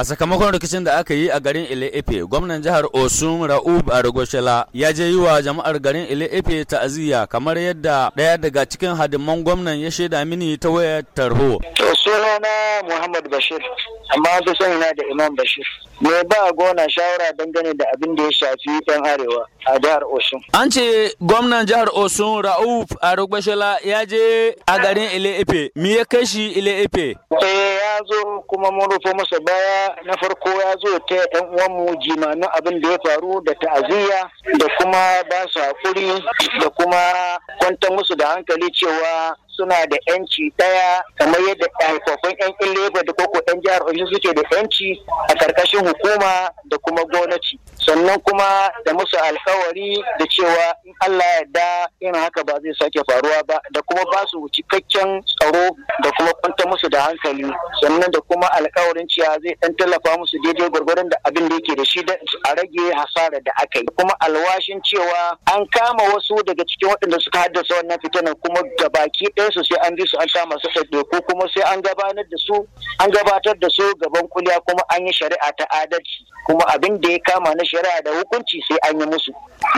A sakamakon rikicin da aka yi a garin Ile-Ife, gwamnan jihar Osun Ra'ub Arugoshela ya je yi wa jama'ar garin Ile-Ife ta'aziyya kamar yadda ɗaya daga cikin hadiman gwamnan ya shaida mini ta wayar tarho. To sunana Muhammad Bashir, amma da na da Imam Bashir. Me ba gona shawara dangane da abin da ya shafi yan arewa a jihar Osun. An ce gwamnan jihar Osun Ra'ub Arugoshela ya je a garin Ile-Ife. Me ya kai shi Ile-Ife? Eh zo kuma mun rufe masa baya na farko ya zo ta yan mu jimanin abin da ya faru da ta'aziyya da kuma ba su haƙuri da kuma kwantar musu da hankali cewa suna da yanci daya kamar yadda haifafin eh, yan ileba da koko yan jihar Oyo suke da yanci a karkashin hukuma da kuma gwamnati sannan kuma da musu alkawari da cewa in Allah ya da yana haka ba zai sake faruwa ba da kuma ba su cikakken tsaro da kuma kwanta musu da hankali sannan da kuma alkawarin cewa zai dan tallafa musu daidai gwargwaron da abin da yake da shi da a rage hasara da aka yi kuma alwashin cewa an kama wasu daga cikin waɗanda suka haddasa wannan fitanar kuma gabaki ɗaya kai su sai an bi su an kama su ɗaiɗe ko kuma sai an gabatar da su an gabatar da su gaban kuliya kuma an yi shari'a ta adalci kuma abin da ya kama na shari'a da hukunci sai an yi musu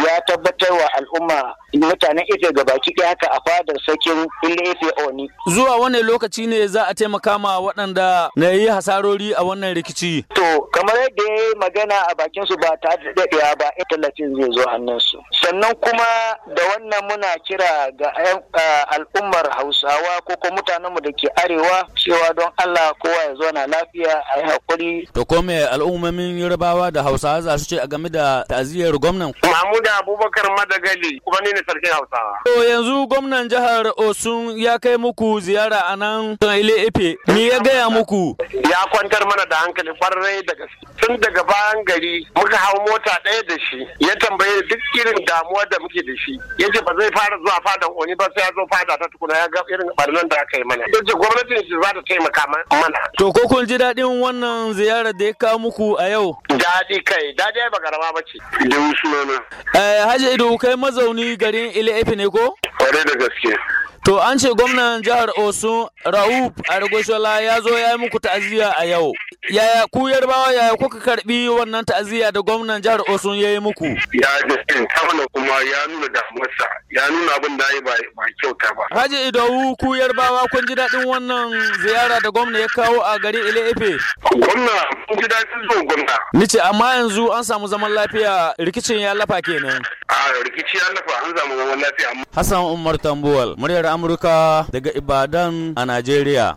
ya tabbatar wa al'umma mutanen ife baki ɗaya haka a fadar sakin ile ife oni. zuwa wani lokaci ne za a taimaka ma waɗanda na yi hasarori a wannan rikici. to kamar yadda ya yi magana a bakin su ba ta daɗewa ba lafin zai zo hannun su. sannan kuma da wannan muna kira ga eh, eh, al'ummar hausawa ko ko mutanenmu da ke arewa cewa don allah kowa ya zauna lafiya a yi hakuri to ko me al'ummomin yarbawa da hausawa za su ce a game da ta'aziyar gwamnan mahmud abubakar madagali kuma ni ne sarkin hausawa to yanzu gwamnan jihar osun ya kai muku ziyara a nan ile ife Ni ya gaya muku ya kwantar mana da hankali kwarai da gaske tun daga bayan gari muka hau mota ɗaya da shi ya tambaye duk irin damuwar da muke da shi yace ba zai fara zuwa fadan oni ba sai ya zo fada ta tukuna ya ga irin barnan da aka yi mana yace gwamnatin shi za ta taimaka mana to ko kun ji daɗin wannan ziyarar da ya kawo muku a yau daɗi kai daɗi ai ba karama ba ce da sunana eh haji ido kai mazauni garin ile ne ko kware da gaske To an ce gwamnan jihar Osun Rauf Argoshola ya zo ya yi muku ta'aziyya a yau. Yaya ku yarbawa yaya kuka karbi wannan ta'aziyya da gwamnan jihar Osun ya yi muku? Ya ji ya nuna abin da ya ba kyauta ba. Haji Idowu ku Yarbawa kun ji daɗin wannan ziyara da gwamna ya kawo a garin Ile Ife. Gwamna kun ji daɗin zo gwamna. Nice amma yanzu an samu zaman lafiya rikicin ya lafa kenan. A rikici ya lafa an samu zaman lafiya. Hassan Umar Tambuwal, muryar Amurka daga Ibadan a Najeriya.